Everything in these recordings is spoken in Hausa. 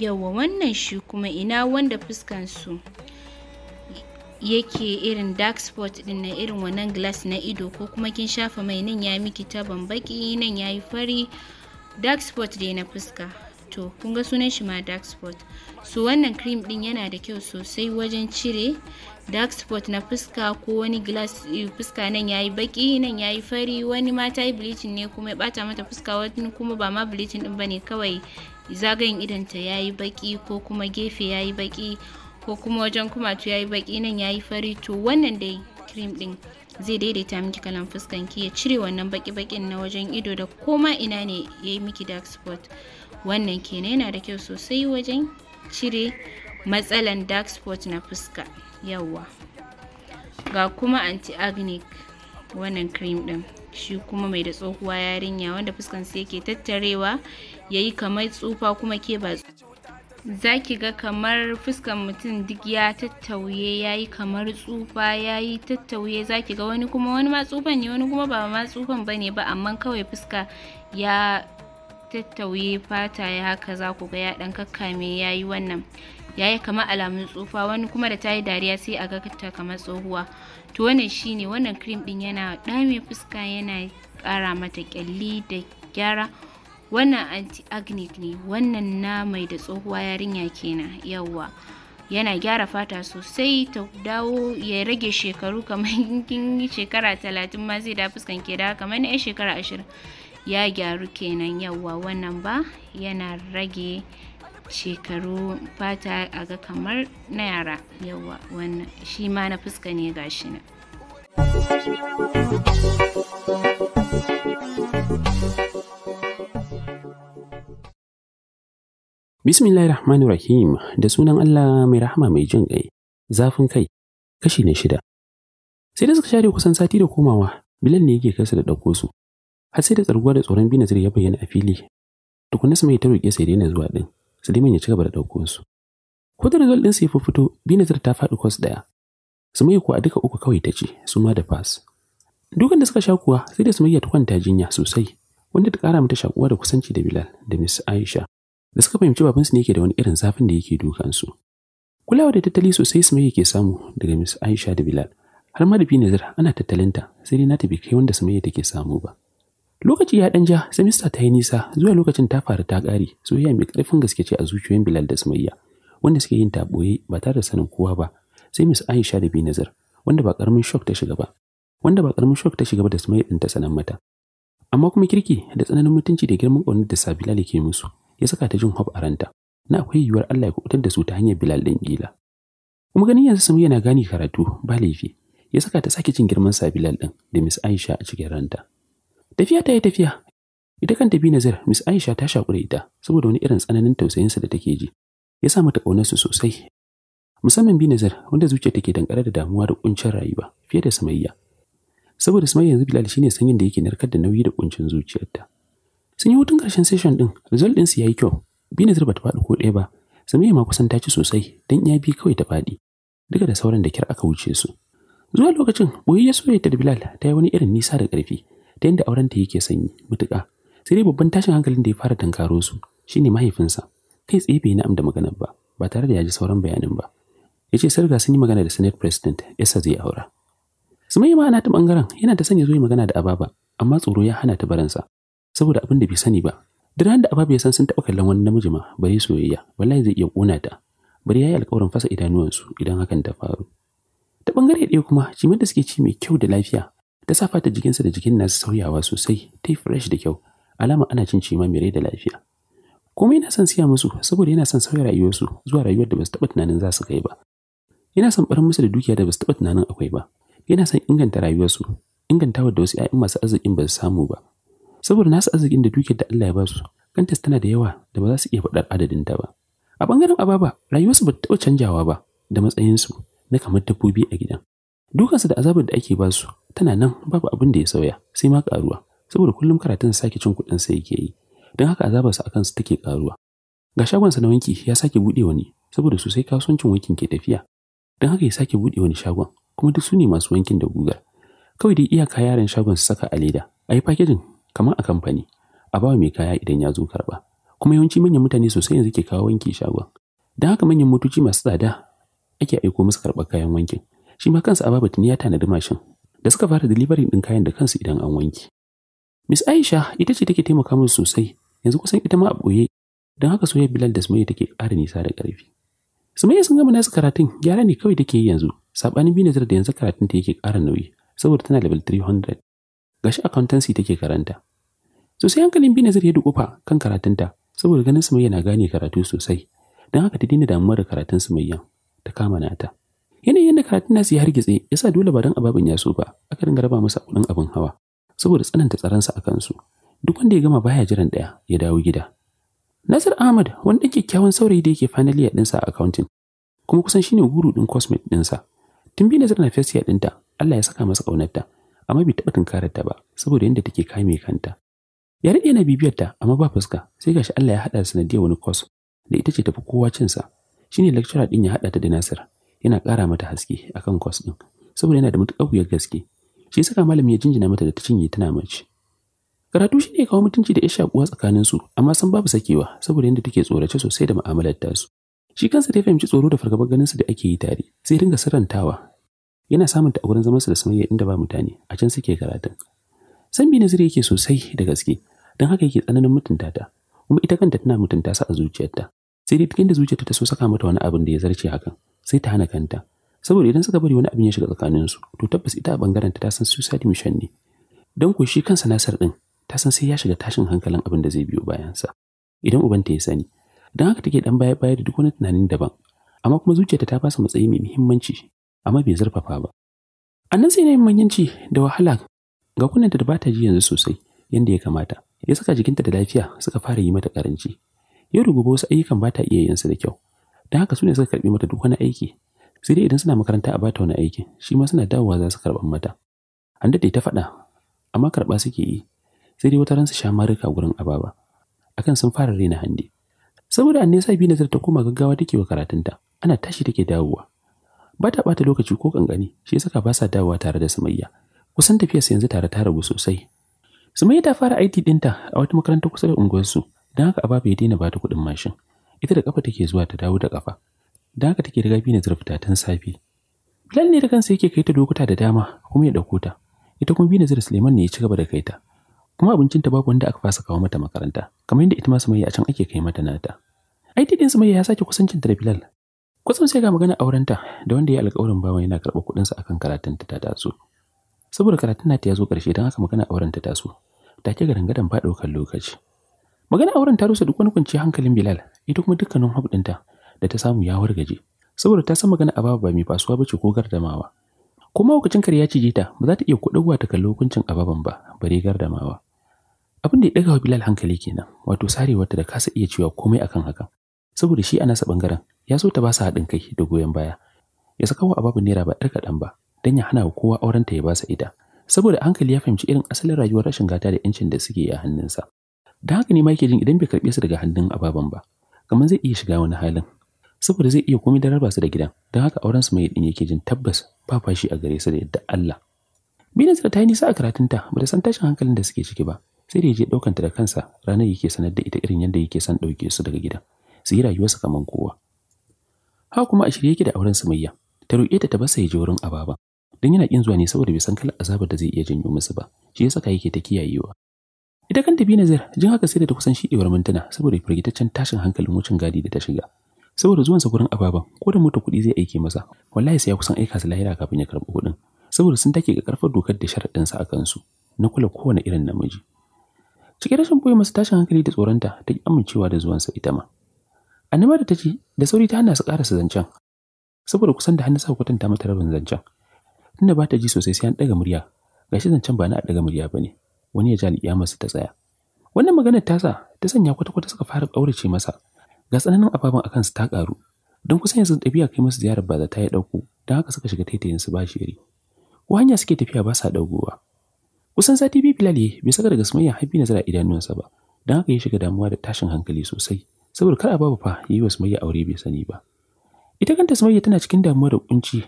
yawa wannan shi kuma ina wanda fuskansu yake irin dark spot din na irin wannan glass na ido ko kuma kin shafa mai nan ya miki taban baki nan ya yi fari dark spot dai na fuska to kun ga sunan shi ma dark spot so wannan cream din yana da kyau sosai wajen cire dark spot na fuska ko wani glass eh, fuska nan ya yi baki nan ya yi fari wani ma ta yi bleaching ne kuma ya bata mata fuska wani kuma ba ma bleaching din bane kawai zagayen idanta ya yi baki ko kuma gefe ya yi baki ko kuma wajen kumatu ya yi baki nan ya yi fari to wannan dai cream din zai daidaita miki kalan fuskan ki ya cire wannan baki-bakin na wajen ido da koma ina ne ya yi miki dark spot wannan kenan yana da kyau sosai wajen cire matsalan dark spot na fuska yawwa ga kuma anti-agnic wannan cream din shi kuma mai da tsohuwa yarinya wanda fuskansa yake tattarewa yayi kamar tsufa kuma ke ba za ga kamar fuskan mutum duk ya tattauye ya kamar tsufa yayi yi tattauye za ga wani kuma wani ma tsufan ne wani kuma ba ma tsufan bane ba amma kawai fuska ya tattauye fata ya haka za ku ga ya ɗan kakkame yayi wannan yi kama alamun tsufa wani kuma da ta yi dariya sai a ga kamar tsohuwa to wannan shine wannan cream din yana dame fuska yana kara mata kyalli da gyara wannan anti acne ne wannan na mai da tsohuwa yarinya kenan yawwa yana gyara fata sosai ta dawo ya rage shekaru kamar kin shekara talatin ma zai da fuskan ke da kamar na shekara ashirin ya gyaru kenan yawwa wannan ba yana rage shekaru fata a ga kamar na yara yawa wannan shi ma na fuska ne ga shi na Bismillahir Rahmanir Rahim da sunan Allah mai rahama mai jin ƙai, zafin kai, kashi na shida. Sai da suka share kusan sati da komawa, Bilal ne yake kasa da ɗauko su. Har sai da tsarguwa da tsoron Binazir ya bayyana a fili. Tukunna mai ta roƙe sai daina zuwa ɗin, Suleiman ya ci gaba da ɗauko su. Ko da result ɗinsu ya fito, binazir ta faɗi kwas ɗaya. Sumayya kuwa a duka uku kawai ta ce, su ma da pass. Dukan da suka sha kuwa sai da Sumayya ta kwanta jinya sosai, wanda ta ƙara mata shakuwa da kusanci da Bilal da Miss Aisha. Da suka fahimci babansu ne yake da wani irin zafin da yake dukansu. Kulawa da tattali sosai Sumayya ke samu daga Miss Aisha da Bilal. Har ma da Binazir ana tattalinta sai dai nata tafi kai wanda Sumayya take samu ba. Lokaci ya ɗan ja, mista ta yi nisa, zuwa lokacin ta faru ta ƙare, soyayya mai ƙarfin gaske ce a zuciyoyin Bilal da Sumayya, wanda suke yin taɓoye ba tare da sanin kowa ba, sai Miss Aisha da Binazar, wanda ba ƙaramin shock ta shiga ba, wanda ba ƙaramin shock ta shiga ba da Sumayya ɗin ta sanan mata. Amma kuma kirki da tsananin mutunci da girman ƙaunar da Sabila ke musu, ya saka ta jin hop a ranta, na akwai yiwuwar Allah ya kubutar da su ta hanyar Bilal ɗin ƙila. Kuma ganin yanzu Sumayya na gane karatu, ba laifi, ya saka ta sake cin girman Sabilal ɗin da Miss Aisha a cikin ranta. Tafiya ta yi tafiya. Ita kan tafi nazar Miss Aisha ta shakure ita saboda wani irin tsananin tausayinsa da take ji. Ya sa mata ƙaunarsu sosai. Musamman bi nazar wanda zuciya take dankare da damuwa da kuncin rayuwa fiye da samayya. Saboda samayya yanzu Bilal shine sanyin da yake narkar da nauyi da kuncin zuciyarta. Sun yi hutun karshen session din, result ɗinsu ya yi kyau. Bi nazar bata faɗi ko ɗaya ba. samayya ma kusan ta ci sosai don iya bi kawai ta faɗi. Duka da sauran da kyar aka wuce su. Zuwa lokacin, boye ya soyayya da Bilal ta yi wani irin nisa da ƙarfi. ta yadda ta yake sanyi mutuƙa sai dai babban tashin hankalin da ya fara tankaro su shine mahaifinsa kai tsaye bai na'am da maganar ba ba tare da ya ji sauran bayanin ba ya ce sarga sun yi magana da senate president isa zai aura su ma ana ta bangaren yana ta sanya zo magana da ababa amma tsoro ya hana ta baransa saboda abin da bai sani ba duk da ababa ya san sun taɓa kallon wani namiji ma ya soyayya wallahi zai iya ƙuna ta bari ya yi alƙawarin fasa idanuwansu idan hakan ta faru ta ɓangare ɗaya kuma cimar da suke ci mai kyau da lafiya ta sa fata jikinsa da jikin nasu sauyawa sosai ta yi fresh da kyau alama ana cin cima mai rai da lafiya kuma yana son siya musu saboda yana son sauya rayuwarsu zuwa rayuwar da ba su taɓa tunanin za su kai ba yana son barin musu da dukiya da ba su taɓa tunanin akwai ba yana son inganta rayuwarsu ingantawa da wasu 'ya'yan masu arzikin ba su samu ba saboda nasu arzikin da dukiyar da Allah ya ba kantas tana da yawa da ba za su iya faɗar adadin ta ba a bangaren ababa rayuwarsu ba ta taɓa canjawa ba da matsayinsu na kamar dabbobi a gidan dukansu da azabar da ake ba tana nan babu abin da ya sauya sai ma karuwa saboda kullum karatun sake cin kuɗin sa yake yi don haka azabar azabarsa akan su take karuwa ga shagon sa na wanki ya sake bude wani saboda su sai kasuwancin wankin ke tafiya don haka ya sake bude wani shagon kuma duk su ne masu wankin da gugar kawai dai iyaka yaran shagon su saka a leda a yi fakejin kamar a kamfani a bawa mai kaya idan ya zo karba. kuma yawanci manyan mutane sosai yanzu ke kawo wanki shagon don haka manyan motoci masu tsada ake aiko musu karɓar kayan wankin shi ma kansa ababa tuni ya tanadi mashin da suka fara delivery ɗin kayan da kansu idan an wanke. Miss Aisha ita ce take taimaka min sosai yanzu kusan ita ma a ɓoye don haka soyayya Bilal da Sumayya take ƙara nisa da ƙarfi. Sumayya sun gama nasu karatun gyara ne kawai take yi yanzu saɓanin Binazar da yanzu karatun ta yake ƙara nauyi saboda tana level 300 gashi accountancy take karanta. Sosai hankalin Binazar ya dukufa kan karatunta saboda ganin Sumayya na gane karatu sosai don haka ta daina damuwar da karatun Sumayya ta kama nata. Yanayin da karatun nasu ya hargitse ya sa dole ba don ababen ya so ba, aka dinga raba masa kuɗin abin hawa, saboda tsananta tsaronsa a kansu. Duk wanda ya gama baya jiran ɗaya ya dawo gida. Nasir Ahmad wani ɗan kyakkyawan saurayi da yake finally ɗinsa a accounting, kuma kusan shine guru ɗin cosmet ɗinsa. Tun bi nasir na fesiya ɗinta, Allah ya saka masa ƙaunarta, amma bai taɓa tunkarar ta ba, saboda yadda take kame kanta. Ya daɗe na bibiyar ta, amma ba fuska, sai gashi Allah ya haɗa sanadiyar wani kwas da ita ce tafi kowa cinsa. Shine lecturer din ya haɗa ta da Nasir. yana ƙara mata haske akan kwas ɗin saboda yana da matuƙar wuyar gaske shi saka malami ya jinjina mata da ta cinye tana mace karatu shine ya kawo mutunci da ya shakuwa tsakanin su amma san babu sakewa saboda yadda take tsorace sosai da mu'amalar tasu shi kansa ta fahimci tsoro da fargabar ganin su da ake yi tare sai ringa sarantawa yana samun ta a wurin zaman da samayya inda ba mutane a can suke karatun san bi nazari yake sosai da gaske don haka yake tsananin mutunta ta kuma ita kanta tana mutunta sa a zuciyarta sai dai duk da zuciyarta ta so saka mata wani abin da ya zarce hakan sai ta hana kanta saboda idan suka bari wani abin ya shiga tsakaninsu to tabbas ita a bangaren ta san suicide mission ne don ko shi kansa nasar din ta san sai ya shiga tashin hankalin abin da zai biyo bayansa idan ubanta ya sani dan haka take dan baya baya da duk wani tunanin daban amma kuma zuciyarta ta fasa matsayi mai muhimmanci amma bai zurfafa ba annan sai na yin manyanci da wahala ga kunnanta da bata ji yanzu sosai yanda ya kamata ya saka jikinta da lafiya suka fara yi mata karanci ya da gobe wasu ayyukan bata iya yin su da kyau Don haka su ne suka karɓi mata duk wani aiki. Sai dai idan suna makaranta a bata wani aiki, shi ma suna dawowa za su karɓan mata. An daɗe ta faɗa, amma karɓa suke yi. Sai dai wata ran su sha marika gurin ababa. Akan sun fara rena hande. Saboda an nesa bi nazar ta koma gaggawa take wa karatunta, ana tashi take dawowa. Ba ta ɓata lokaci ko kankani, shi saka ba sa dawowa tare da Sumayya. Kusan tafiyarsa yanzu tare ta ragu sosai. Sumayya ta fara aiki ɗinta a wata makarantar kusa da unguwarsu, don haka Ababa ya daina ba ta kuɗin mashin. ita da kafa take zuwa ta dawo da kafa da haka take riga bina zurfita tun safe Bilal ne da kansa yake kai ta lokuta da dama kuma ya dauko ta ita kuma bina zira Suleiman ne ya ci gaba da kai ta kuma abincin ta babu wanda aka fasa kawo mata makaranta kamar yadda ita ma Sumayya a can ake kai mata nata ai tidin Sumayya ya sake kusancin ta da Bilal kusan sai ga magana aurenta da wanda ya alƙawarin bawa yana karɓa sa akan karatun ta taso saboda karatun nata ya zo ƙarshe don haka magana auren ta taso take ga dangadan faɗo kan lokaci magana auren ta rusa duk wani kwanciyar hankalin bilal ita kuma dukkanin hab da ta samu ya wargaje saboda ta san magana ababa ba mai fasuwa bace ko gardamawa kuma lokacin kare ya cije ta ba za ta iya kuɗawa ta kalli hukuncin ababan ba bare gardamawa abin da ya ɗaga bilal hankali kenan wato ta da kasa iya cewa komai akan hakan saboda shi a nasa bangaren ya so ta ba su haɗin kai da goyon baya ya saka wa ababu naira ba ɗar kaɗan ba don ya hana wa kowa aurenta ya ba sa ita saboda hankali ya fahimci irin asalin rayuwar rashin gata da 'yancin da suke a hannunsa Da haka ne ma yake jin idan bai karɓe su daga hannun ababen ba, kamar zai iya shiga wani halin. Saboda zai iya komai da raba su da gidan, don haka auren su mai ɗin yake jin tabbas ba fashi a gare su da yadda Allah. Binansa ta yi nisa a karatunta, ba ta san tashin hankalin da suke ciki ba, sai da je ɗaukanta da kansa ranar yake sanar da ita irin yadda yake son ɗauke su daga gidan, su yi rayuwarsa kamar kowa. Ha kuma a shirye yake da auren su Sumayya, ta roƙe ta ta basa ya je wurin ababa. don yana kin zuwa ne saboda bai san kalar azabar da zai iya janyo musu ba shi ya saka yake ta kiyayewa Ita kan tafi nazar jin haka sai da ta kusan shiɗewar mintuna saboda firgitaccen tashin hankalin wucin gadi da ta shiga. Saboda zuwansa gurin ababen ko da mota kuɗi zai aike masa wallahi sai ya kusan aika su lahira kafin ya karɓi kuɗin saboda sun take ga karfar dokar da sa a kansu na kula kowane irin namiji. Cikin rashin koyi masa tashin hankali da tsoronta ta ki amincewa da zuwansa ita ma. Annama da ta ce da sauri ta hana su su zancen saboda kusan da hannu sa kwatanta mata rabin zancen. Tunda ba ta ji sosai sai an ɗaga murya gashi zancen ba na a ɗaga murya ba ne. wani ya ji alƙiyamarsa ta tsaya wannan maganar tasa ta sanya kwata-kwata suka fara ƙaurace masa ga tsananin ababen a kansu ta ƙaru don kusan yanzu ɗabi'a kai musu ziyarar ba ta ya ɗauko don haka suka shiga taitayin su ba shiri ko hanya suke tafiya ba sa ɗaukowa kusan sati biyu bilal ya bai saka daga sumayya har nazara idanunsa ba don haka ya shiga damuwa da tashin hankali sosai saboda kar a babu fa ya yi wa sumayya aure bai sani ba ita kanta sumayya tana cikin damuwa da kunci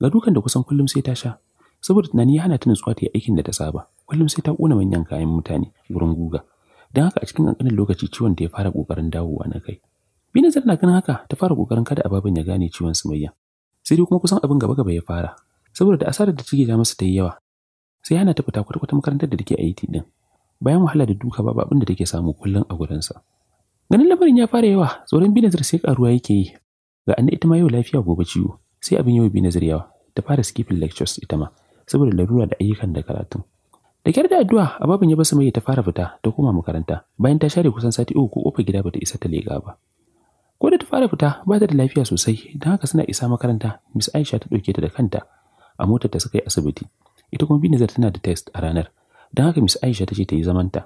ga dukan da kusan kullum sai ta sha saboda tunani ya hana ta nutsuwa ta yi aikin da ta saba kullum sai ta kona manyan kayan mutane wurin guga don haka a cikin kankanin lokaci ciwon da ya fara kokarin dawowa na kai bi nazar na ganin haka ta fara kokarin kada ababen ya gane ciwon sumayya sai dai kuma kusan abin gaba gaba ya fara saboda da asarar da take ga masa ta yi yawa sai yana ta fita kwata-kwata makarantar da take aiki din bayan wahala da duka babu abin da take samu kullum a gurin sa ganin lamarin ya fara yawa tsoron bi nazar sai karuwa yake yi ga anna ita ma yau lafiya gobe ciwo sai abin yau bi nazar yawa ta fara skipping lectures ita ma saboda larura da ayyukan da karatun Da kyar da addu'a, ababin ya basu mai ta fara fita ta koma makaranta bayan ta share kusan sati uku ko kofar gida bata isa ta lega ba. Ko da ta fara fita ba ta da lafiya sosai don haka suna isa makaranta Miss Aisha ta ɗauke ta da kanta a motar ta suka yi asibiti. Ita kuma Binizar tana da test a ranar don haka Miss Aisha ta ce ta yi zamanta.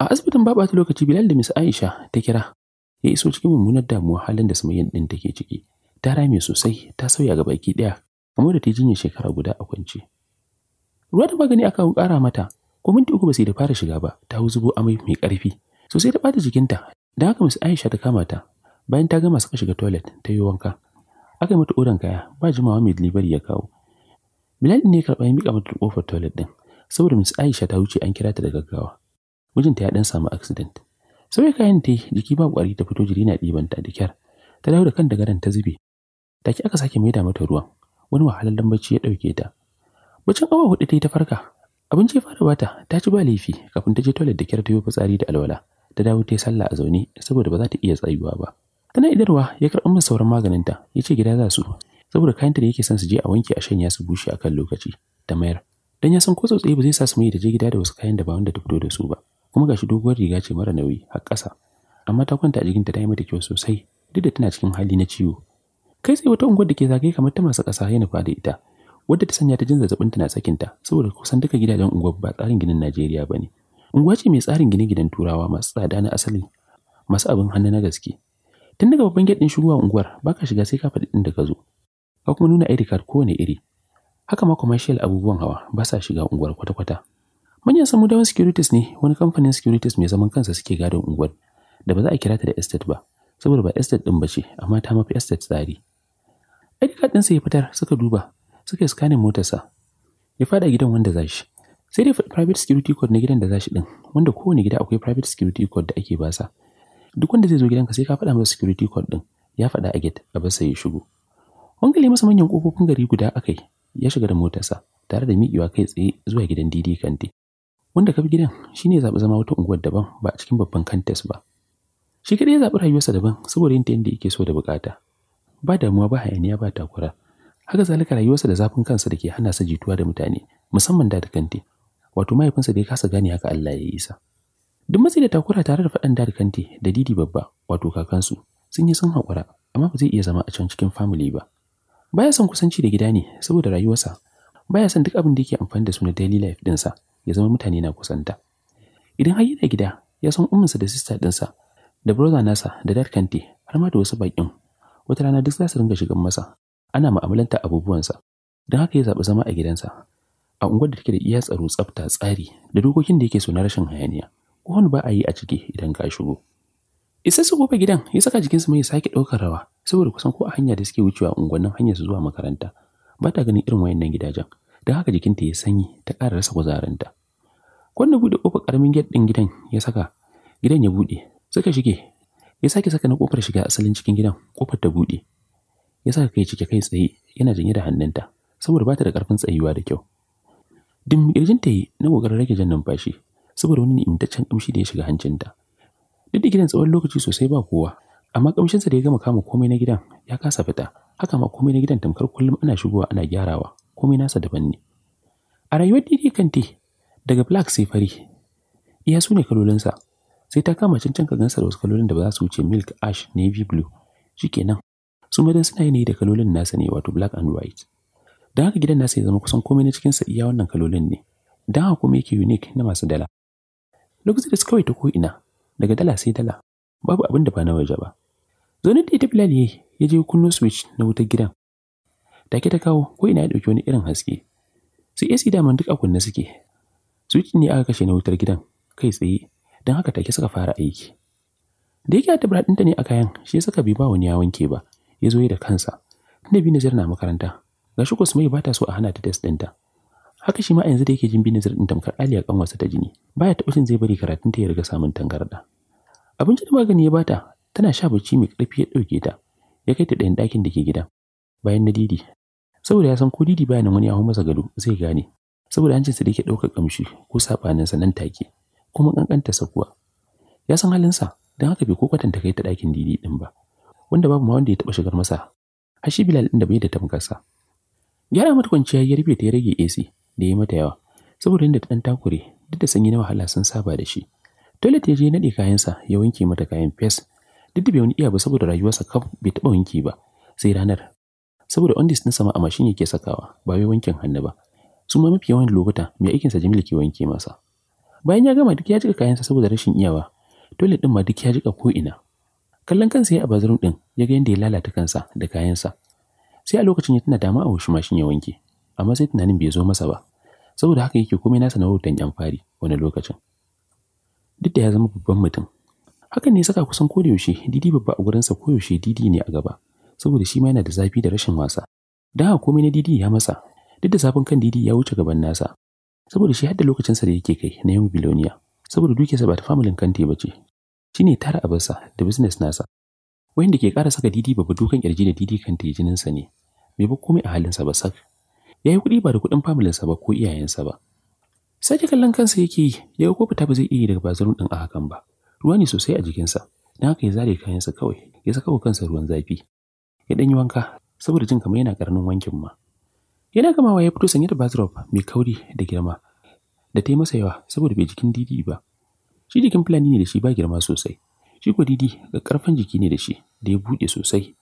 A asibitin ba ta lokaci Bilal da Miss Aisha ta kira ya iso cikin mummunar damuwa halin da Sumayyan ɗin ke ciki. Ta rame sosai ta sauya ga baki ɗaya kamar da ta jinyar shekara guda a kwance. ruwa da magani aka kara mata ko minti uku ba sai da fara shiga ba ta hau zubo amai mai ƙarfi sosai ta bata jikinta da haka miss aisha ta kama ta bayan ta gama suka shiga toilet ta yi wanka aka yi mata odan kaya ba jimawa mai delivery ya kawo bilal ne ya karɓa ya miƙa mata kofar toilet ɗin saboda miss aisha ta wuce an kira ta da gaggawa mijinta ya dan samu accident sauya kayan ta jiki ba ƙwari ta fito jiri na ɗibanta da kyar ta dawo da kan da garan ta zube take aka sake maida mata ruwan wani wahalar lambaci ya ɗauke ta Bacin awa hudu ta ta farka, abinci ce fara bata, ta ci ba laifi kafin ta je toilet da kyar ta yi fitsari da alwala. Ta dawo ta yi sallah a zaune saboda ba za ta iya tsayuwa ba. Tana idarwa ya karɓi min sauran maganinta, ya ce gida za su, saboda kayanta da yake son su je a wanke a shanya su bushe a kan lokaci, ta mayar. Don ya san ko tsautsaye ba zai sa su mai da je gida da wasu kayan da ba wanda ta fito da su ba. Kuma gashi doguwar riga ce mara nauyi har ƙasa, amma ta kwanta a jikinta ta yi mata kyau sosai duk da tana cikin hali na ciwo. Kai tsaye wata unguwar da ke zagaye kamar ta masu ƙasa yana fada ita, wadda ta sanya ta jin zazzabin tana sakinta saboda kusan duka gidajen unguwar ba tsarin ginin Najeriya ba ne. Unguwa ce mai tsarin gine gidan Turawa masu tsada na asali, masu abin hannu na gaske. Tun daga babban gate din shigowa unguwar baka shiga sai ka faɗi ɗin da ka zo. Ka kuma nuna ID card kowane iri. Haka ma commercial abubuwan hawa ba sa shiga unguwar kwata-kwata. Manyan samu da securities ne wani kamfanin securities mai zaman kansa suke gadon unguwar da ba za a kira ta da estate ba saboda ba estate din ba ce amma ta mafi estate tsari. ID card sai ya fitar suka duba suka yi scanning motarsa ya fada gidan wanda za shi sai dai private security code na gidan da za shi din wanda kowane gida akwai private security code da ake basa duk wanda zai zo gidanka sai ka faɗa masa security code din ya faɗa a gate a basa ya shigo wangale masa manyan kofofin gari guda akai ya shiga da motarsa tare da miƙewa kai tsaye zuwa gidan Didi Kante wanda ka bi gidan shi ne zaɓi zama wata unguwar daban ba a cikin babban kantes ba shi kadai ya zaɓi rayuwarsa daban saboda yin ta yadda yake so da bukata ba damuwa ba hayaniya ba takura haka zalika rayuwarsa da zafin kansa da ke hana sa jituwa da mutane musamman da kanti wato mahaifinsa da ya kasa gane haka Allah ya yi isa duk matsi da takura tare da faɗan da kanti da didi babba wato kakansu sun yi sun haƙura amma ba zai iya zama a can cikin family ba baya son kusanci da gida ne saboda rayuwarsa baya son duk abin da yake amfani da su na daily life ya zama mutane na kusanta idan har yana gida ya san umminsa da sister dinsa da brother nasa da dad kante har ma da wasu bakin wata rana duk za su ringa shigan masa ana mu'amalanta abubuwansa don haka ya zaɓi zama a gidansa a unguwar da take da iya tsaro tsafta tsari da dokokin da yake so na rashin hayaniya ko wani ba a yi a ciki idan ka shigo isa su gobe gidan ya saka jikinsu mai sake ɗaukar rawa saboda kusan ko a hanya da suke wucewa unguwannin hanyar su zuwa makaranta ba ta ganin irin wayannan gidajen don haka jikinta ya sanyi ta ƙara rasa kuzarinta kwanda buɗe kofar ƙaramin gate ɗin gidan ya saka gidan ya buɗe suka shige ya sake saka na ƙofar shiga asalin cikin gidan ƙofar ta buɗe ya saka kai cike kai tsaye yana janye da hannunta saboda ba ta da ƙarfin tsayuwa da kyau dim kirjin ta yi na kokarin rage jan numfashi saboda wani imtaccen kamshi da ya shiga hancinta duk da gidan tsawon lokaci sosai ba kowa amma kamshinsa da ya gama kama komai na gidan ya kasa fita haka ma komai na gidan tamkar kullum ana shigowa ana gyarawa komai nasa daban ne a rayuwar didi kanti daga black sai fari iya su ne kalolinsa sai ta kama cancan gansa da wasu kalolin da ba za su wuce milk ash navy blue shikenan su madan suna yanayi da kalolin nasa ne wato black and white don haka gidan nasa ya zama kusan komai na sa iya wannan kalolin ne don haka kuma yake unique na masu dala lokacin da suka kawai ta ko'ina daga dala sai dala babu abin da ba na waje ba zonin da ya tafi laliye ya je kunno switch na wutar gidan ke ta kawo ko ina ya ɗauki wani irin haske su AC daman duk a kunne suke switch ne aka kashe na wutar gidan kai tsaye don haka take suka fara aiki da yake a tabaratinta ne a kayan shi suka bi ba wani ya wanke ba ya zo yi da kansa tunda nazar na makaranta ga shi kusmai ba ta so a hana ta test ta haka shi ma yanzu da yake jin binazir ɗin tamkar aliya kan wasu ta jini baya ta jin zai bari karatun ta ya riga samun tangarda abinci da magani ya bata tana sha bacci mai ƙarfi ya dauke ta ya kai ta ɗayan dakin da ke gida bayan na didi saboda ya san ko didi bayan wani ya masa gado zai gane saboda hancinsa da yake ɗaukar kamshi ko sabaninsa nan take kuma kankanta sakuwa ya san halinsa don haka bai ko ta kai ta ɗakin didi ɗin ba wanda babu ma wanda ya taɓa shigar masa har shi Bilal din da bai da tamkarsa. Gyara mata kwanciya ya rufe ta ya rage AC da ya mata yawa saboda inda ta ɗan takure duk da sanyi na wahala sun saba da shi. Toilet ya je kayan kayansa ya wanke mata kayan fes duk da bai wani iya ba saboda rayuwarsa kaf bai taba wanki ba sai ranar. Saboda ondis din sama a mashin yake sakawa ba wai wankin hannu ba. Su ma mafi yawan lokuta mai aikinsa Jamilu ke wanke masa. Bayan ya gama duk ya jika kayan sa saboda rashin iyawa toilet ɗin ma duk ya jika ko ina kallon kansa ya a bazarin din ya ga yadda ya lalata kansa da kayansa sai a lokacin ya tuna dama a wasu mashin ya wanke amma sai tunanin bai zo masa ba saboda haka yake komai nasa na wautan yan fari wani lokacin duk da ya zama babban mutum hakan ne saka kusan yaushe didi babba a gurinsa koyaushe didi ne a gaba saboda shi ma yana da zafi da rashin wasa don haka komai na didi ya masa duk da zafin kan didi ya wuce gaban nasa saboda shi hadda lokacinsa da yake kai na yin biloniya saboda dukiyarsa ba ta familin kante ba ce shi ne tara abinsa da business nasa. Wayanda ke ƙara saka Didi babu dukan ƙirji da Didi kan tijininsa sa ne, mai ba komai a halinsa ba sak. Ya yi kuɗi ba da kuɗin familinsa ba ko iyayensa ba. Sake kallon kansa yake yi, ya ga ko fita ba zai iya daga bazarun ɗin a hakan ba. Ruwa ne sosai a jikinsa, don haka ya zare kayansa kawai, ya saka wa kansa ruwan zafi. Ya ɗan yi wanka, saboda jin kamar yana ƙaramin wankin ma. Yana gamawa ya fito sanye da bathrobe mai kauri da girma, da ta yi masa yawa saboda bai jikin Didi ba. Shi jikin Fulani ne da shi ba girma sosai. Shi ko Didi ƙarfin jiki ne da shi da ya buɗe sosai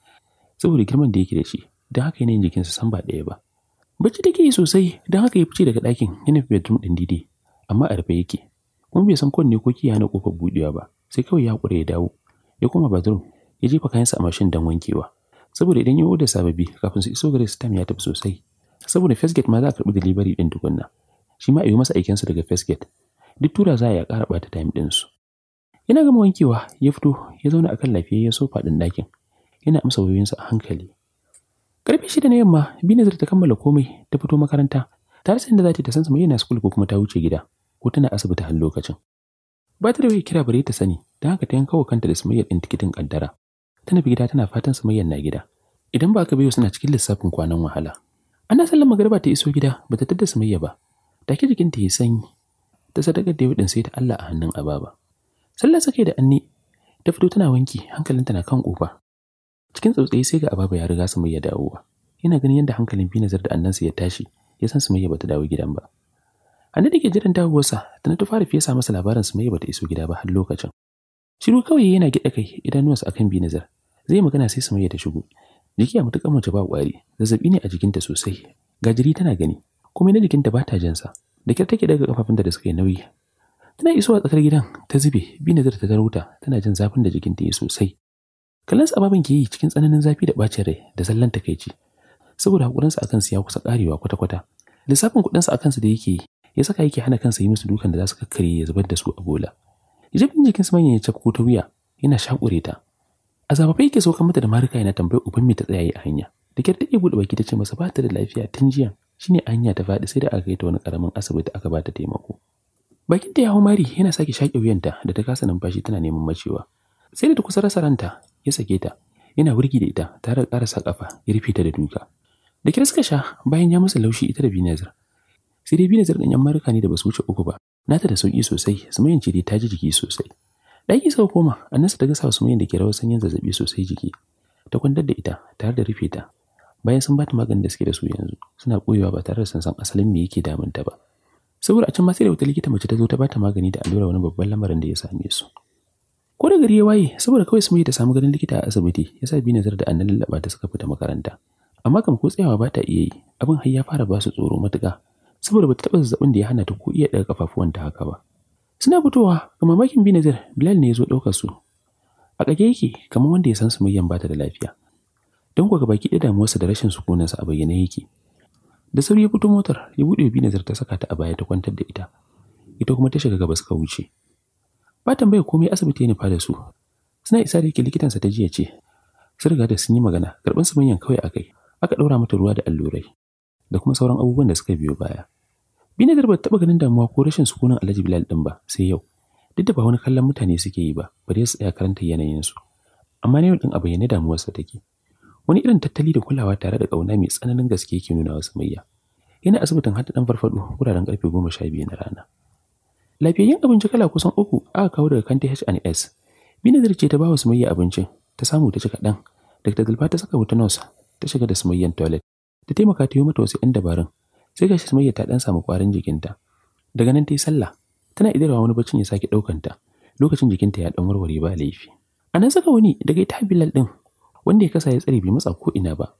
saboda girman da yake da shi don haka yanayin jikinsa san ba ɗaya ba. Bacci take yi sosai don haka ya fice daga ɗakin yana nufi bedroom ɗin Didi amma a rufe yake. Kuma bai san kunne ko kiyaye na ƙofar buɗewa ba sai kawai ya haƙura ya dawo ya koma bedroom ya jefa kayansa a mashin don wankewa. Saboda idan ya wuce sababi kafin su iso gare su ya tafi sosai. Saboda gate ma za a karɓi delivery ɗin tukunna. Shi ma a yi masa aikinsa daga gate duk tura za a a ƙara ɓata time su. Yana gama wankewa ya fito ya zauna a akan lafiyayyen sofa ɗin ɗakin yana amsa wayoyinsa a hankali. Karfe shida na yamma Binazir ta kammala komai ta fito makaranta ta rasa inda za ta san samayya na school ko kuma ta wuce gida ko tana asibiti har lokacin. Ba ta da wai kira bare ta sani don haka ta yanka wa kanta da samayya ɗin tikitin ƙaddara. Tana fi gida tana fatan samayya na gida. Idan ba ka biyo suna cikin lissafin kwanan wahala. Ana sallan garba ta iso gida ba ta tadda samayya ba. Take jikinta ya sanyi ta sadakar da ɗin sai ta Allah a hannun Ababa. Sallar sakai da Anni ta fito tana wanki hankalinta na kan ƙofa. Cikin tsautsayi sai ga Ababa ya riga Sumayya dawowa. Yana ganin yadda hankalin Binazar da annansa ya tashi, ya san Sumayya bata dawo gidan ba. anna da ke jiran dawowarsa, na ta fara sa masa labarin Sumayya bata iso gida ba har lokacin. Shiru kawai yana gida kai idanuwarsa akan Binazar. Zai magana sai Sumayya ta shigo. Jiki a matuƙar mace ba ƙwari, zazzaɓi ne a jikinta sosai. Gajiri tana gani, kuma na jikinta ba ta sa da kyar take daga kafafunta da suka yi nauyi tana isowa tsakar gidan ta zube bi nazar ta tarauta tana jin zafin da jikinta ya sosai kalansa ababen ke yi cikin tsananin zafi da bacin rai da zallan takaici saboda hakurinsa a kansu ya kusa karewa kwata-kwata lissafin kuɗinsa a kansu da yake ya saka yake hana kansa yi musu dukan da za su kakkare ya zubar da su a bola jibin jikinsa manyan ya cakko ta wuya yana shakure ta a zafafai yake so mata da marika yana tambayar uban me ta tsayaye a hanya da kyar take buɗe baki ta ce masa ba ta da lafiya tun jiya shi ne ta faɗi sai da aka kai ta wani ƙaramin asibiti aka bata taimako bakin ta ya hau mari yana sake shaƙe wuyanta da ta kasa numfashi tana neman macewa sai da ta kusa rasa ranta ya sake ta yana wurgi da ita tare da ƙarasa ƙafa ya rufe ta da duka da kira suka sha bayan ya musu laushi ita da binazar sai dai binazar ɗan yan marika ne da ba su wuce uku ba nata da sauƙi sosai sumayin ce dai ta ji jiki sosai ɗaki suka koma annasa ta gasa sumayin da ke rawar sanyin zazzaɓi sosai jiki ta kwantar da ita tare da rufe ta bayan sun bata maganin da suke da su yanzu suna koyewa ba tare da sun san asalin me yake ta ba saboda a can ma sai da wata likita mace ta zo ta bata magani da allura wani babban lamarin da ya same su ko da gari ya waye saboda kawai su mai da samu ganin likita a asibiti ya sa bi nazar da annan lallaba ta suka fita makaranta amma kam ko tsayawa ba ta iya yi abin har ya fara ba su tsoro matuka, saboda ba ta taɓa zazzabin da ya hana ta ko iya ɗaga ta haka ba suna fitowa ga mamakin bi nazar bilal ne ya zo ɗaukar su a ƙage yake kamar wanda ya san su muryan ba ta da lafiya don kuwa baki ɗaya damuwarsa da rashin sukunansa a bayyane yake da sauri ya fito motar ya buɗe nazar ta saka ta a baya ta kwantar da ita ita kuma ta shiga gaba suka wuce ba tambaya komai asibiti ne fa da su suna isa da yake likitansa ta jiya ce sun riga da sun yi magana karɓar su manyan kawai akai aka ɗaura mata ruwa da allurai da kuma sauran abubuwan da suka biyo baya binazar ba ta taɓa ganin damuwa ko rashin sukunan alhaji bilal ɗin ba sai yau duk da ba wani kallon mutane suke yi ba bari su tsaya karanta yanayinsu amma ne yau ɗin a bayyane damuwarsa take wani irin tattali da kulawa tare da ƙauna mai tsananin gaske ke nuna wa samayya yana asibitin har dan farfado wuraren karfe goma sha biyu na rana lafiyayyen abinci kala kusan uku aka kawo daga kanti HNS Binazir ce ta ba wa samayya abincin ta samu ta ci kaɗan ta Zulfa ta saka wuta nausa ta shiga da sumayyan toilet ta taimaka ta yi mata wasu 'yan dabarun sai ga shi sumayya ta ɗan samu ƙwarin jikinta daga nan ta yi sallah tana idarwa wani baccin ya sake ɗaukanta lokacin jikinta ya dan warware ba laifi a nan saka wani daga ita bilal ɗin wanda ya kasa ya tsare bai matsa ko ina ba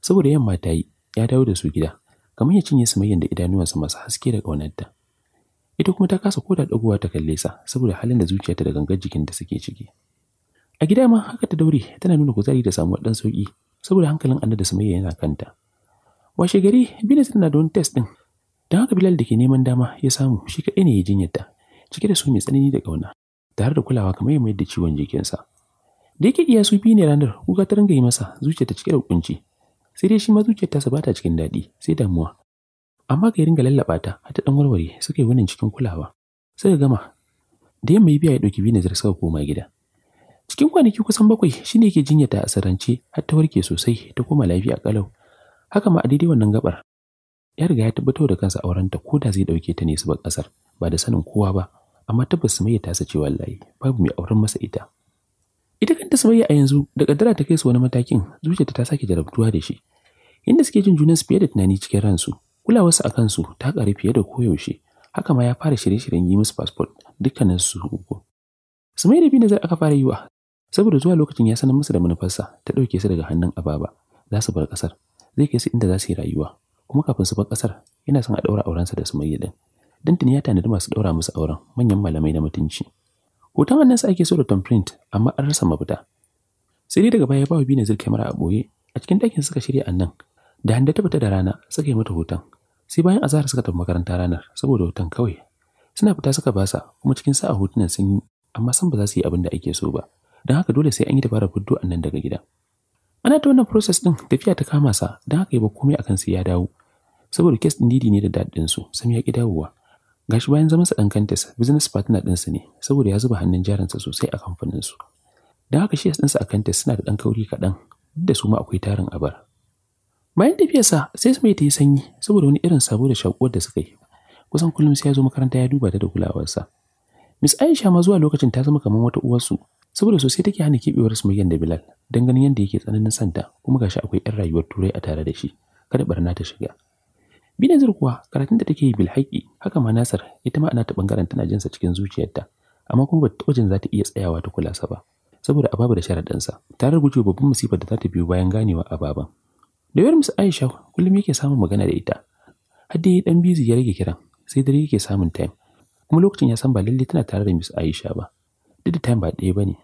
saboda yamma ta yi ya dawo da su gida kamar ya cinye mai da idanuwansa masu haske da ƙaunarta ita kuma ta kasa koda ɗagowa ta kalle sa saboda halin da zuciyarta da gangar jikin da suke ciki a gida ma haka ta daure tana nuna kuzari da samuwar ɗan sauki saboda hankalin anna da mai yana kanta washe gari binas tana da wani test ɗin don haka bilal da ke neman dama ya samu shi kaɗai ne ya jinyarta cike da su mai tsanani da ƙauna tare da kulawa kamar ya mayar da ciwon jikinsa da yake iya sufi ne ranar kuka ta ringa yi masa zuciya ta cike da kunci sai dai shi ma zuciya ta sabata cikin daɗi sai damuwa amma ka ringa lallaɓa ta har ta ɗan warware suka yi wannan cikin kulawa suka gama da yamma ya biya ya ɗauki binazar suka koma gida cikin kwanaki kusan bakwai shi ne yake jinya ta sarance har ta warke sosai ta koma lafiya a kalau haka ma a daidai wannan gabar ya riga ya tabbatar da kansa aurenta ko da zai dauke ta ne su ba kasar ba da sanin kowa ba amma tabbas mai ya tasa cewa layi babu mai auren masa ita Ita kanta Sumayya a yanzu da kaddara ta kai su wani matakin zuciyarta ta sake jarabtuwa da shi. Inda suke jin junansu fiye da tunani cikin ransu, kulawarsu a kansu ta ƙare fiye da koyaushe, haka ma ya fara shirye-shiryen yi musu fasfot dukkanin su uku. mai da bi nazar aka fara yi wa, saboda zuwa lokacin ya sanar musu da manufarsa ta ɗauke su daga hannun ababa, za su bar ƙasar, zai kai su inda za su yi rayuwa, kuma kafin su bar ƙasar yana son a ɗaura aurensa da su Sumayya ɗin. Dantin ya tanadi masu ɗaura musu auren manyan malamai na mutunci. Hoton hannunsa ake so da tom print amma an rasa mafita. Sai dai daga baya ba Bina zir kyamara a boye a cikin ɗakin suka shirya annan da handa ta fita da rana suka yi mata hoton. Sai bayan azahar suka tafi makaranta ranar saboda hoton kawai. Suna fita suka basa kuma cikin sa'a hotunan sun yi amma san ba za su yi abin da ake so ba. Don haka dole sai an yi dabarar fito annan daga gida. Ana ta wannan process ɗin tafiya ta kama sa don haka yi ba komai akan sai ya dawo. Saboda kes ɗin Didi ne da daɗinsu, Sam ya ƙi dawowa. gashi bayan zamansa dan kantis business partner sa ne saboda ya zuba hannun jarinsa sosai a kamfanin su don haka shi sa a kantis suna da ɗan kauri kaɗan da su ma akwai tarin abar bayan sa sai su mai ta yi sanyi saboda wani irin sabo da shakuwar da suka yi kusan kullum sai ya zo makaranta ya duba ta da sa. miss aisha ma zuwa lokacin ta zama kamar wata uwarsu saboda sosai take hana keɓewar su da bilal don ganin yadda yake tsananin santa kuma gashi akwai 'yan rayuwar turai a tare da shi kada barna ta shiga Binazir kuwa karatun da take yi bilhaki, haka ma Nasir ita ma ana ta bangaren tana jin sa cikin zuciyarta amma kuma bata ta wajen za ta iya tsayawa ta kula sa ba saboda ababa da sharadin sa tare gujewa babban musibar da za ta biyo bayan ganewa ababan. Da yawar musu Aisha kullum yake samun magana da ita har dai dan bizi ya rage kiran sai dare yake samun time kuma lokacin ya san ba lalle tana tare da Miss Aisha ba duk da time ba ɗaya ba ne.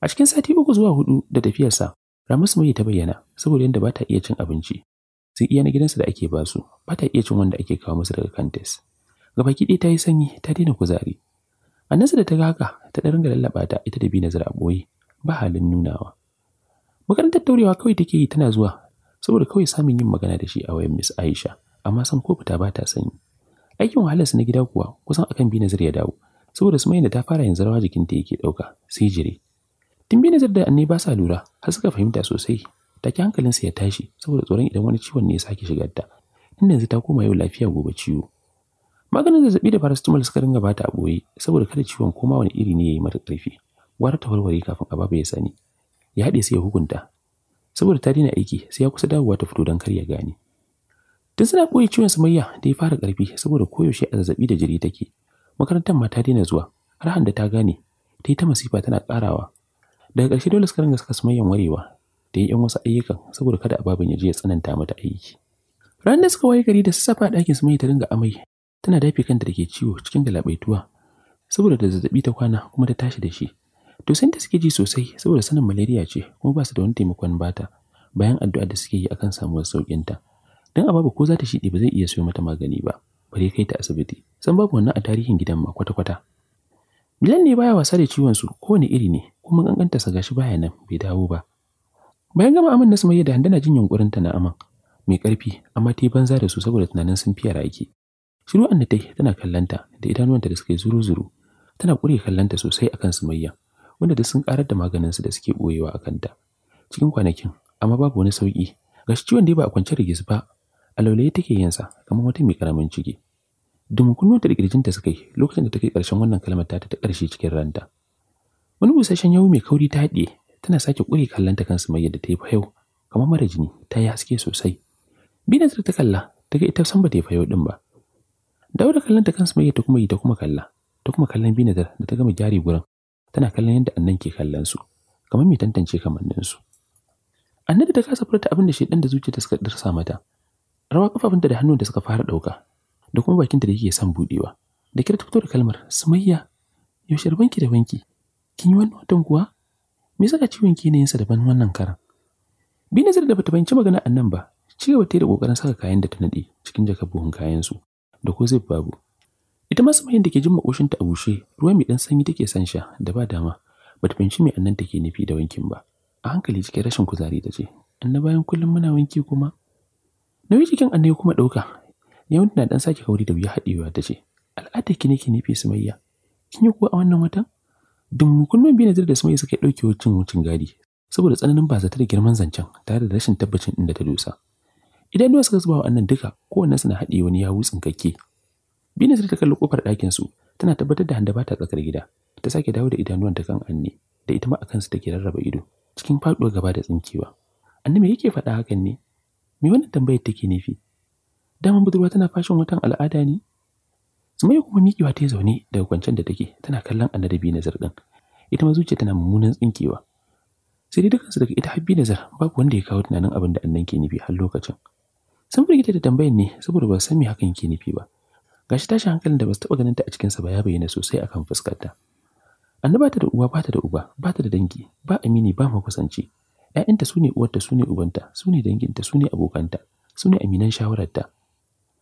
a cikin sati uku zuwa hudu da tafiyarsa Ramus mai ta bayyana saboda yadda ba ta iya cin abinci sun iya na gidansa da ake ba su ba ta iya cin wanda ake kawo musu daga kantes Gaba kiɗi ta yi sanyi ta daina kuzari nasa da ta ga haka ta ɗan ringa lallaɓa ta ita da bi nazar a ɓoye ba halin nunawa makarantar daurewa kawai take yi tana zuwa saboda kawai samun yin magana da shi a wayan miss aisha amma san ko fita ba ta sanyi aikin wahalarsu na gida kuwa kusan akan bi nazar ya dawo saboda sumayin da ta fara yanzu rawa jikinta yake ɗauka sai jire tun bi nazar da annai ba sa lura har suka fahimta sosai take hankalinsa ya tashi saboda tsoron idan wani ciwon ne ya sake shigar ta inda yanzu ta koma yau lafiya gobe ciwo maganin zazzabi da paracetamol suka ringa bata a boye saboda kada ciwon koma wani iri ne ya yi mata ƙarfi gwara ta warware kafin a ababa ya sani ya haɗe sai ya hukunta saboda ta daina aiki sai ya kusa dawowa ta fito don kar ya gane tun suna koyi ciwon sumayya da ya fara ƙarfi saboda koyaushe a zazzabi da jiri take makarantar ma ta daina zuwa har handa ta gane ta yi ta masifa tana ƙarawa daga ƙarshe dole suka ringa suka sumayyan warewa da yin wasu ayyukan saboda kada ababen ya je ya tsananta mata aiki. Ranar da suka waye gari da sassafe a ɗakin su mai ta dinga amai tana dafe kanta da ke ciwo cikin galabaituwa saboda da zazzabi ta kwana kuma ta tashi da shi. To sai ta suke ji sosai saboda sanin malaria ce kuma ba su da wani taimakon bata bayan addu'a da suke yi akan samuwar ta Dan babu ko za ta shiɗe ba zai iya siyo mata magani ba. bari kai ta asibiti san babu wannan a tarihin gidan ma kwata-kwata Milan ne baya wasa da ciwon su kowane iri ne kuma kankanta sa gashi baya nan bai dawo ba Bayan gama aman na Sumayya da na jin yunkurin ta na aman mai ƙarfi amma ta yi banza da su saboda tunanin sun fiye raki. Shiru Anna tai tana kallanta da idanuwanta da suke zuru-zuru tana ƙure kallanta sosai akan Sumayya wanda da sun karar da maganin su da suke boyewa a kanta. Cikin kwanakin amma babu wani sauki gashi ciwon da ba a kwance da ba a laulaye take yin sa kamar wata mai karamin ciki. Dumunkunnota da ta suka yi lokacin da take ƙarshen wannan kalmar ta ta ƙarshe cikin ranta. Wani busasshen yawu mai kauri ta haɗiye tana sake ƙuri kallonta kansu mai da ta yi yau, kamar mara jini ta yi haske sosai. Binazir ta kalla ta ga ita san ba ta yi fayau ɗin ba. kallon kallonta kansu mai ta kuma yi ta kuma kalla ta kuma kallon Binazir da ta gama gyari gurin tana kallon yadda annan ke kallon su kamar mai tantance kamannin su. da ta kasa furta abin da shedan da ta suka dirsa mata. Rawa kafafunta da hannun da suka fara ɗauka da kuma bakin ta da yake son buɗewa. Da kira ta fito da kalmar Sumayya yaushe banki da banki kin yi wannan watan kuwa? Me saka ciwon ke ne yinsa daban wannan karan? nazar da bata fahimci magana annan ba, ci gaba da kokarin saka kayan da ta nade cikin jakar buhun kayan su da ko zai babu. Ita ma samayin da ke jin makoshinta a bushe, ruwa mai dan sanyi take son sha da ba dama. Bata fahimci me annan take nufi da wankin ba. A hankali cikin rashin kuzari ta ce, "Anna bayan kullum muna wanki kuma?" Nauyi cikin annai kuma ɗauka. Yawun na dan sake kauri da wuya haɗewa ta ce, Al'ada ki nake nufi Sumayya. Kin yi kuwa a wannan watan?" Dun kunnuwan biyu Nazir da saka suka ɗauke wucin wucin gadi saboda tsananin ba bazata da girman zancen tare da rashin tabbacin inda ta dosa. Idanuwa suka zuba annan duka kowanne suna haɗe wani yawu tsinkakke. Biyu ta kalli kofar ɗakin su tana tabbatar da handa bata tsakar gida ta sake dawo da idanuwan ta kan Anne da ita ma a kansu take rarraba ido cikin faɗuwa gaba da tsinkewa. annabi me yake faɗa hakan ne? Me wannan tambayar take nufi? Daman budurwa tana fashin watan al'ada ne? Sumayya kuma miƙewa ta zaune daga kwancen da take tana kallon annabi nazar ɗin. Ita ma zuciya tana mummunan tsinkewa. Sai dai dukansu daga ita habbi nazar babu wanda ya kawo tunanin abin da annan ke nufi har lokacin. Sun firgita da tambayan ne saboda ba san me hakan ke nufi ba. Gashi tashi hankalin da ba su taɓa ganin ta a cikinsa ba ya bayyana sosai akan fuskarta. Annaba ta da uwa ba ta da uba ba ta da dangi ba amini ba kusanci. ‘Ya'yanta su ne uwarta su ne ubanta su ne danginta su ne abokanta su ne aminan shawararta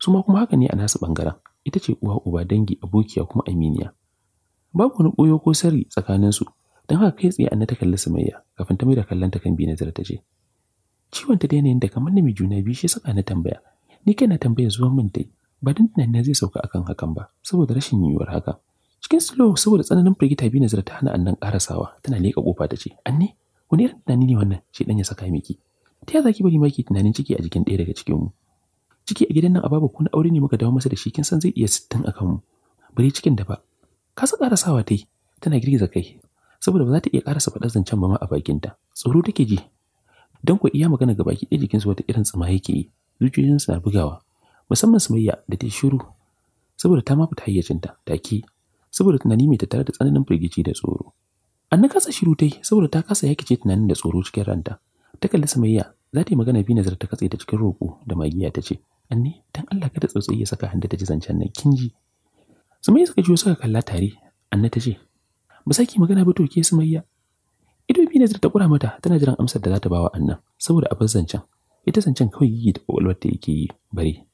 su ma kuma haka ne a nasu ɓangaren ita ce uwa uba dangi abokiya kuma aminiya babu wani ɓoyo ko tsakanin tsakaninsu don haka kai tsaye anna ta kalli sumayya kafin ta mai da kallon ta kan bi nazar ta ce ciwon ta daina da kamar na mai juna biyu shi saka na tambaya ni kai na tambaya zuwa min dai ba dan na zai sauka akan hakan ba saboda rashin yiwuwar haka cikin slow saboda tsananin firgita bi nazar ta hana annan karasawa tana leƙa kofa ta ce anne wani irin tunani ne wannan shi dan ya saka miki ta ya zaki bari maki tunanin ciki a jikin ɗaya daga cikin mu ciki a gidan nan a babu kun aure ne muka dawo masa da shi kin san zai iya sittin a kanmu bari cikin da ba kasa karasawa ta yi tana girgiza kai saboda ba za ta iya karasa faɗar zancen ba ma a bakinta tsoro take ji don ko iya magana ga baki ɗaya su wata irin tsima yake yi su na bugawa musamman su maiya da ta shiru saboda ta ma fita ta take saboda tunani mai tare da tsananin firgici da tsoro an na kasa shiru tai saboda ta kasa yakice tunanin da tsoro cikin ranta ta kalli samayya Za ta yi magana bi nazar ta katse ta cikin roƙo da magiya ta ce, Anne, dan Allah kada tsautsayi ya saka handa ta ji zancen nan kin ji. Sumayya suka juyo suka kalla tare, Anne ta ce, Ba saki magana ba to ke Sumayya. Ido bi nazar ta kura mata tana jiran amsar da za ta bawa Annan saboda abin zancen. Ita zancen kawai yi da ƙwaƙwalwar ta yake yi bare.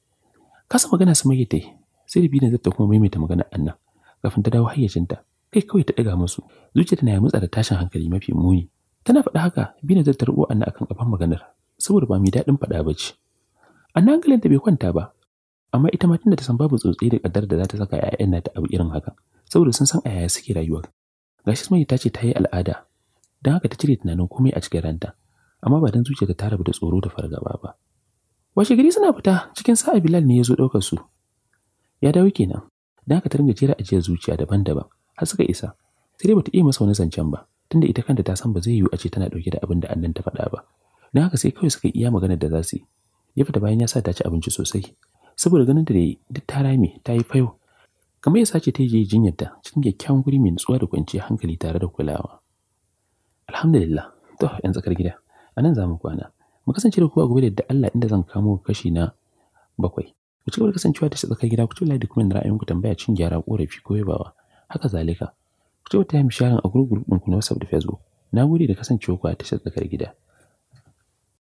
Kasa magana Sumayya ta yi, sai da bi nazar ta kuma maimaita magana Annan kafin ta dawo hayyacinta. Kai kawai ta ɗaga musu, zuciya tana ya mutsa da tashin hankali mafi muni. Tana faɗa haka, nazar ta tarbo Anna akan kafan maganar, saboda ba mai daɗin faɗa ba ce. A An ta bai kwanta ba, amma ita ma tunda ta san babu tsotsi da ƙaddar da za ta saka ‘ya'yan nata abu irin haka, saboda sun san a yaya suke rayuwa. Gashi Ismail ta ce ta yi al'ada, don haka ta cire tunanin komai a cikin ranta, amma ba don zuciya ta rabu da tsoro da fargaba ba. Washe gari suna fita cikin sa'a Bilal ne ya zo ɗaukar su. Ya dawo kenan, don haka ta ringa jera ajiyar zuciya daban-daban har suka isa, sai dai bata iya masa wani zancen ba, tunda ita kanta ta san ba zai yiwu a ce tana ɗauke da abin da annan ta faɗa ba. Don haka sai kawai suka iya magana da za su yi. Ya fita bayan ya sa ta ci abinci sosai. Saboda ganin da duk ta rami ta yi fayo. Kamar ya sace ta je jinyarta cikin kyakkyawan guri mai nutsuwa da kwanciyar hankali tare da kulawa. Alhamdulillah. To, ‘yan tsakar gida, a nan za mu kwana. Mu kasance da kowa gobe da Allah inda zan kamo kashi na bakwai. Ku ci gaba kasancewa da tsakar gida ku da kuma ra'ayinku tambaya cin gyara korafi ko yabawa. Haka zalika. Ku ci wata a gurgurun ku na WhatsApp da Facebook. Na gode da kasancewa ku a tashar tsakar gida.